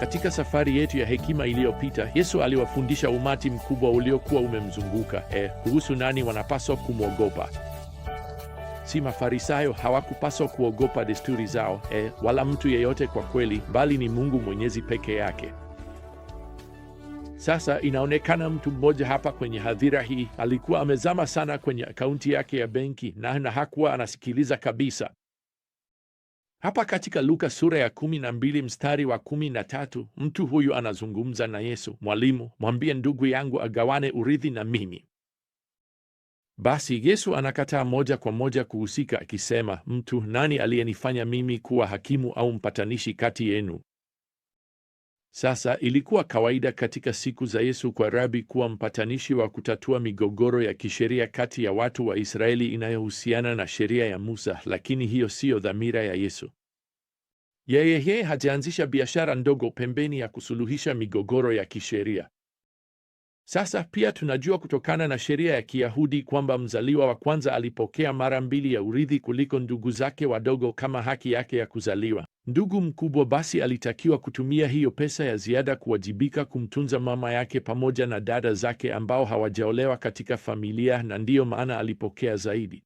Katika safari yetu ya hekima iliyopita, Yesu aliwafundisha umati mkubwa uliokuwa umemzunguka eh, kuhusu nani wanapaswa kumwogopa. Si Mafarisayo hawakupaswa kuogopa desturi zao eh, wala mtu yeyote kwa kweli, bali ni Mungu Mwenyezi peke yake. Sasa inaonekana mtu mmoja hapa kwenye hadhira hii alikuwa amezama sana kwenye akaunti yake ya benki na, na hakuwa anasikiliza kabisa. Hapa katika Luka sura ya kumi na mbili mstari wa kumi na tatu mtu huyu anazungumza na Yesu, Mwalimu, mwambie ndugu yangu agawane urithi na mimi. Basi Yesu anakataa moja kwa moja kuhusika, akisema, mtu nani aliyenifanya mimi kuwa hakimu au mpatanishi kati yenu? Sasa ilikuwa kawaida katika siku za Yesu kwa rabi kuwa mpatanishi wa kutatua migogoro ya kisheria kati ya watu wa Israeli inayohusiana na sheria ya Musa, lakini hiyo siyo dhamira ya Yesu. Yeye yeye hajaanzisha biashara ndogo pembeni ya kusuluhisha migogoro ya kisheria. Sasa pia tunajua kutokana na sheria ya Kiyahudi kwamba mzaliwa wa kwanza alipokea mara mbili ya urithi kuliko ndugu zake wadogo kama haki yake ya kuzaliwa. Ndugu mkubwa basi alitakiwa kutumia hiyo pesa ya ziada kuwajibika kumtunza mama yake pamoja na dada zake ambao hawajaolewa katika familia, na ndiyo maana alipokea zaidi.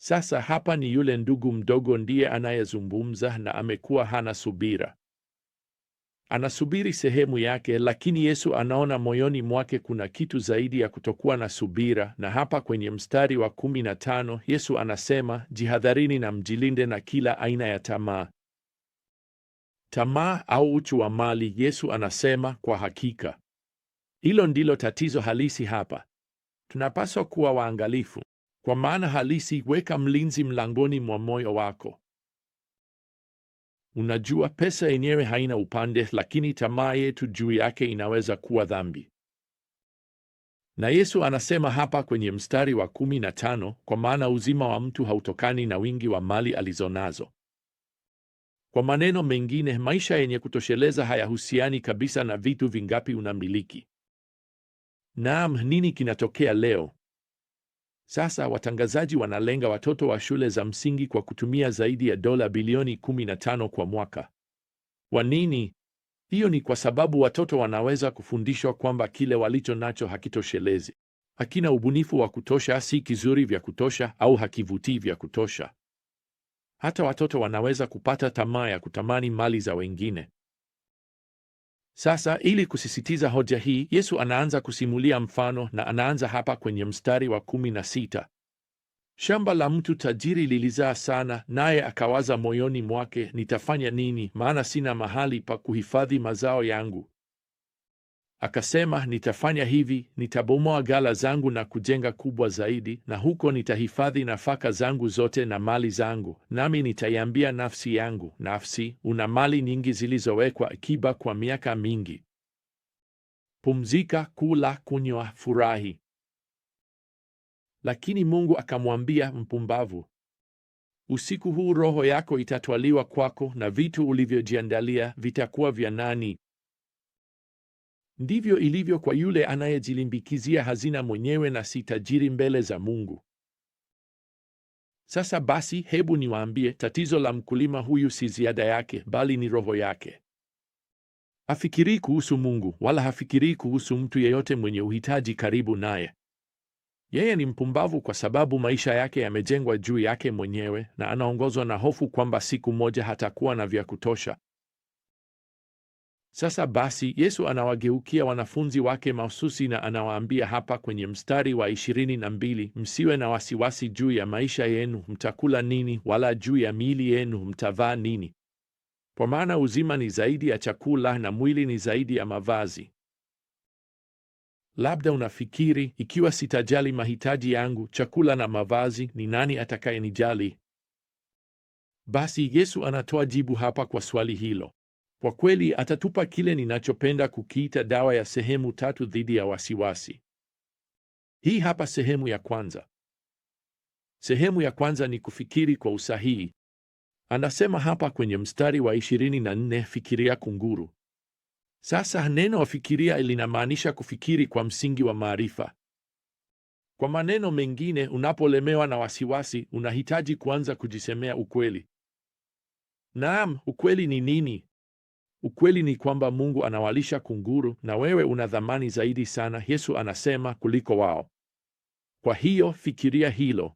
Sasa hapa ni yule ndugu mdogo ndiye anayezungumza, na amekuwa hana subira anasubiri sehemu yake, lakini Yesu anaona moyoni mwake kuna kitu zaidi ya kutokuwa na subira. Na hapa kwenye mstari wa 15 Yesu anasema, jihadharini na mjilinde na kila aina ya tamaa tamaa au uchu wa mali. Yesu anasema kwa hakika hilo ndilo tatizo halisi hapa. Tunapaswa kuwa waangalifu, kwa maana halisi weka mlinzi mlangoni mwa moyo wako Unajua, pesa yenyewe haina upande, lakini tamaa yetu juu yake inaweza kuwa dhambi. Na Yesu anasema hapa kwenye mstari wa kumi na tano, kwa maana uzima wa mtu hautokani na wingi wa mali alizonazo. Kwa maneno mengine, maisha yenye kutosheleza hayahusiani kabisa na vitu vingapi unamiliki. Naam, nini kinatokea leo? Sasa watangazaji wanalenga watoto wa shule za msingi kwa kutumia zaidi ya dola bilioni 15 kwa mwaka. Kwa nini? Hiyo ni kwa sababu watoto wanaweza kufundishwa kwamba kile walicho nacho hakitoshelezi, hakina ubunifu wa kutosha, si kizuri vya kutosha, au hakivutii vya kutosha. Hata watoto wanaweza kupata tamaa ya kutamani mali za wengine. Sasa ili kusisitiza hoja hii, Yesu anaanza kusimulia mfano na anaanza hapa kwenye mstari wa kumi na sita. Shamba la mtu tajiri lilizaa sana, naye akawaza moyoni mwake, nitafanya nini? Maana sina mahali pa kuhifadhi mazao yangu. Akasema, nitafanya hivi, nitabomoa ghala zangu na kujenga kubwa zaidi, na huko nitahifadhi nafaka zangu zote na mali zangu, nami nitaiambia nafsi yangu, nafsi, una mali nyingi zilizowekwa akiba kwa miaka mingi, pumzika, kula, kunywa, furahi. Lakini Mungu akamwambia, mpumbavu, usiku huu roho yako itatwaliwa kwako, na vitu ulivyojiandalia vitakuwa vya nani? Ndivyo ilivyo kwa yule anayejilimbikizia hazina mwenyewe na si tajiri mbele za Mungu. Sasa basi, hebu niwaambie, tatizo la mkulima huyu si ziada yake, bali ni roho yake. Hafikirii kuhusu Mungu wala hafikirii kuhusu mtu yeyote mwenye uhitaji karibu naye. Yeye ni mpumbavu kwa sababu maisha yake yamejengwa juu yake mwenyewe, na anaongozwa na hofu kwamba siku moja hatakuwa na vya kutosha. Sasa basi, Yesu anawageukia wanafunzi wake mahususi na anawaambia hapa kwenye mstari wa ishirini na mbili, msiwe na wasiwasi juu ya maisha yenu mtakula nini, wala juu ya miili yenu mtavaa nini, kwa maana uzima ni zaidi ya chakula na mwili ni zaidi ya mavazi. Labda unafikiri ikiwa sitajali mahitaji yangu, chakula na mavazi, ni nani atakayenijali? Basi Yesu anatoa jibu hapa kwa swali hilo. Kwa kweli atatupa kile ninachopenda kukiita dawa ya sehemu tatu dhidi ya wasiwasi. Hii hapa sehemu ya kwanza. Sehemu ya kwanza ni kufikiri kwa usahihi. Anasema hapa kwenye mstari wa 24, fikiria kunguru. Sasa neno fikiria linamaanisha kufikiri kwa msingi wa maarifa. Kwa maneno mengine, unapolemewa na wasiwasi, unahitaji kuanza kujisemea ukweli. Naam, ukweli ni nini? Ukweli ni kwamba Mungu anawalisha kunguru na wewe una thamani zaidi sana, Yesu anasema, kuliko wao. Kwa hiyo fikiria hilo.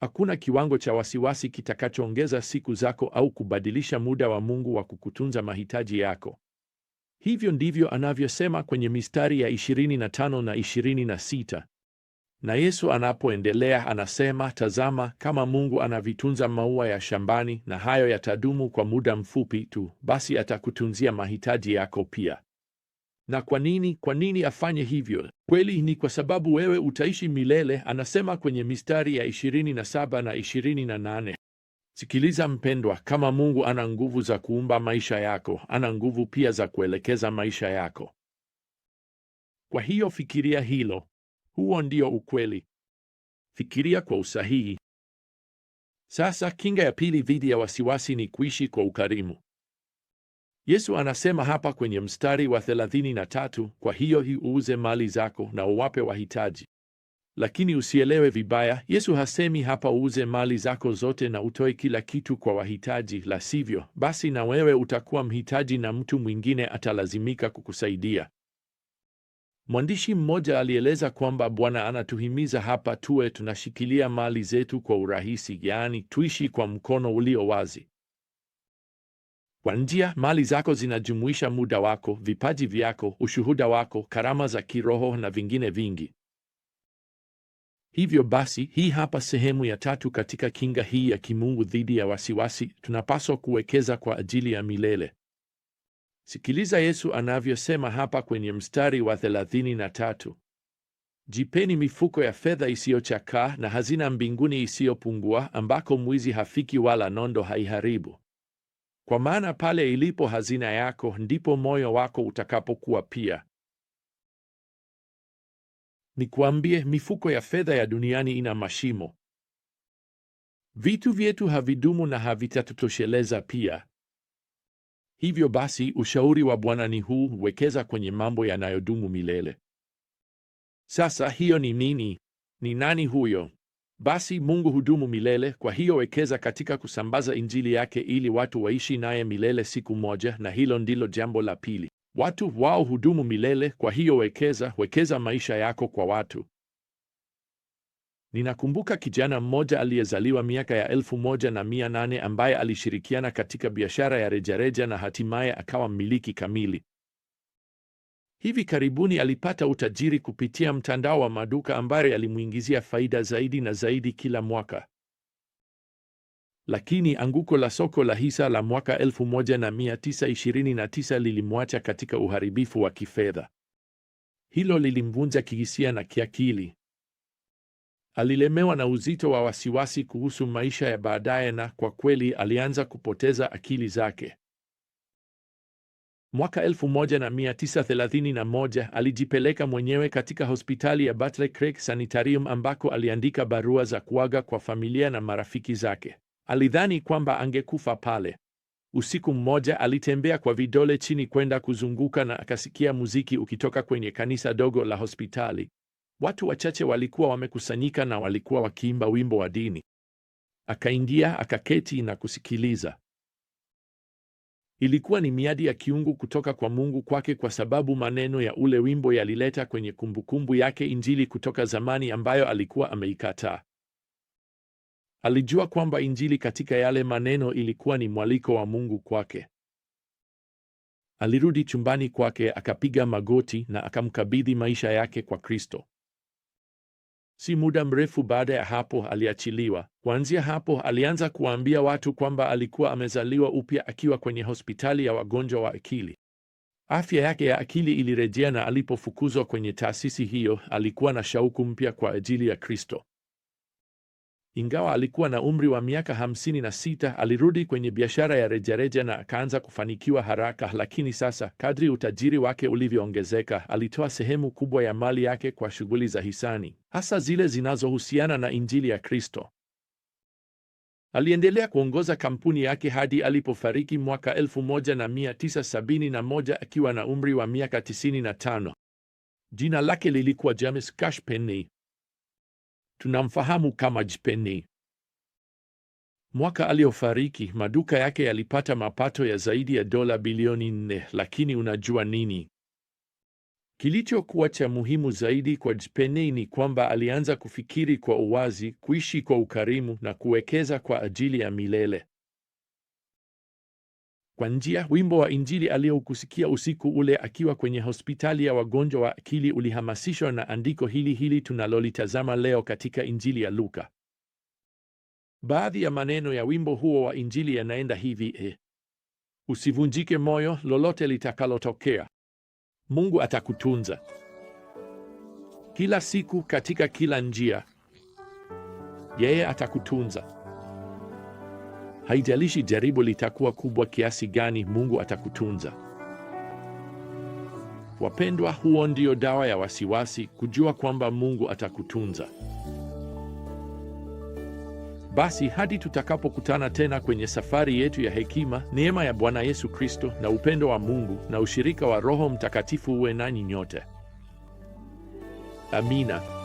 Hakuna kiwango cha wasiwasi kitakachoongeza siku zako au kubadilisha muda wa Mungu wa kukutunza mahitaji yako. Hivyo ndivyo anavyosema kwenye mistari ya 25 na 26. Na Yesu anapoendelea anasema, tazama, kama Mungu anavitunza maua ya shambani, na hayo yatadumu kwa muda mfupi tu, basi atakutunzia mahitaji yako pia. Na kwa nini? Kwa nini afanye hivyo? Kweli ni kwa sababu wewe utaishi milele, anasema kwenye mistari ya 27 na 28. Sikiliza mpendwa, kama Mungu ana nguvu za kuumba maisha yako, ana nguvu pia za kuelekeza maisha yako. Kwa hiyo fikiria hilo. Huo ndio ukweli. Fikiria kwa usahihi. Sasa kinga ya pili dhidi ya wasiwasi ni kuishi kwa ukarimu. Yesu anasema hapa kwenye mstari wa 33, kwa hiyo hii uuze mali zako na uwape wahitaji. Lakini usielewe vibaya, Yesu hasemi hapa uuze mali zako zote na utoe kila kitu kwa wahitaji, la sivyo basi na wewe utakuwa mhitaji na mtu mwingine atalazimika kukusaidia. Mwandishi mmoja alieleza kwamba Bwana anatuhimiza hapa tuwe tunashikilia mali zetu kwa urahisi, yaani tuishi kwa mkono ulio wazi. Kwa njia, mali zako zinajumuisha muda wako, vipaji vyako, ushuhuda wako, karama za kiroho na vingine vingi. Hivyo basi, hii hapa sehemu ya tatu katika kinga hii ya kimungu dhidi ya wasiwasi. Tunapaswa kuwekeza kwa ajili ya milele. Sikiliza Yesu anavyosema hapa kwenye mstari wa thelathini na tatu: jipeni mifuko ya fedha isiyochakaa na hazina mbinguni isiyopungua, ambako mwizi hafiki wala nondo haiharibu. Kwa maana pale ilipo hazina yako, ndipo moyo wako utakapokuwa pia. Nikwambie, mifuko ya fedha ya duniani ina mashimo. Vitu vyetu havidumu na havitatutosheleza pia. Hivyo basi, ushauri wa Bwana ni huu: wekeza kwenye mambo yanayodumu milele. Sasa hiyo ni nini? Ni nani huyo? Basi Mungu hudumu milele. Kwa hiyo wekeza katika kusambaza injili yake ili watu waishi naye milele siku moja, na hilo ndilo jambo la pili. Watu wao hudumu milele. Kwa hiyo wekeza, wekeza maisha yako kwa watu. Ninakumbuka kijana mmoja aliyezaliwa miaka ya elfu moja na mia nane ambaye alishirikiana katika biashara ya rejareja na hatimaye akawa mmiliki kamili. Hivi karibuni alipata utajiri kupitia mtandao wa maduka ambayo yalimuingizia faida zaidi na zaidi kila mwaka. Lakini anguko la soko la hisa la mwaka 1929 lilimwacha katika uharibifu wa kifedha. Hilo lilimvunja kihisia na kiakili. Alilemewa na uzito wa wasiwasi kuhusu maisha ya baadaye na kwa kweli alianza kupoteza akili zake. Mwaka 1931 alijipeleka mwenyewe katika hospitali ya Battle Creek Sanitarium ambako aliandika barua za kuaga kwa familia na marafiki zake. Alidhani kwamba angekufa pale. Usiku mmoja alitembea kwa vidole chini kwenda kuzunguka na akasikia muziki ukitoka kwenye kanisa dogo la hospitali. Watu wachache walikuwa wamekusanyika na walikuwa wakiimba wimbo wa dini. Akaingia, akaketi na kusikiliza. Ilikuwa ni miadi ya kiungu kutoka kwa Mungu kwake, kwa sababu maneno ya ule wimbo yalileta kwenye kumbukumbu yake Injili kutoka zamani ambayo alikuwa ameikataa. Alijua kwamba Injili katika yale maneno ilikuwa ni mwaliko wa Mungu kwake. Alirudi chumbani kwake, akapiga magoti na akamkabidhi maisha yake kwa Kristo. Si muda mrefu baada ya hapo aliachiliwa. Kuanzia hapo alianza kuwaambia watu kwamba alikuwa amezaliwa upya akiwa kwenye hospitali ya wagonjwa wa akili. Afya yake ya akili ilirejea, na alipofukuzwa kwenye taasisi hiyo alikuwa na shauku mpya kwa ajili ya Kristo. Ingawa alikuwa na umri wa miaka hamsini na sita, alirudi kwenye biashara ya rejareja na akaanza kufanikiwa haraka. Lakini sasa, kadri utajiri wake ulivyoongezeka, alitoa sehemu kubwa ya mali yake kwa shughuli za hisani, hasa zile zinazohusiana na Injili ya Kristo. Aliendelea kuongoza kampuni yake hadi alipofariki mwaka 1971 akiwa na umri wa miaka 95. Jina lake lilikuwa James Cash Penney. Tunamfahamu kama Jipeni. Mwaka aliofariki maduka yake yalipata mapato ya zaidi ya dola bilioni nne. Lakini unajua nini kilichokuwa cha muhimu zaidi kwa Jipeni? Ni kwamba alianza kufikiri kwa uwazi, kuishi kwa ukarimu na kuwekeza kwa ajili ya milele. Kwa njia, wimbo wa Injili aliyokusikia usiku ule akiwa kwenye hospitali ya wagonjwa wa akili ulihamasishwa na andiko hili hili tunalolitazama leo katika Injili ya Luka. Baadhi ya maneno ya wimbo huo wa Injili yanaenda hivi e, usivunjike moyo, lolote litakalotokea, Mungu atakutunza kila siku, katika kila njia, yeye atakutunza. Haijalishi jaribu litakuwa kubwa kiasi gani, Mungu atakutunza. Wapendwa, huo ndio dawa ya wasiwasi, kujua kwamba Mungu atakutunza. Basi hadi tutakapokutana tena kwenye safari yetu ya hekima, neema ya Bwana Yesu Kristo na upendo wa Mungu na ushirika wa Roho Mtakatifu uwe nanyi nyote. Amina.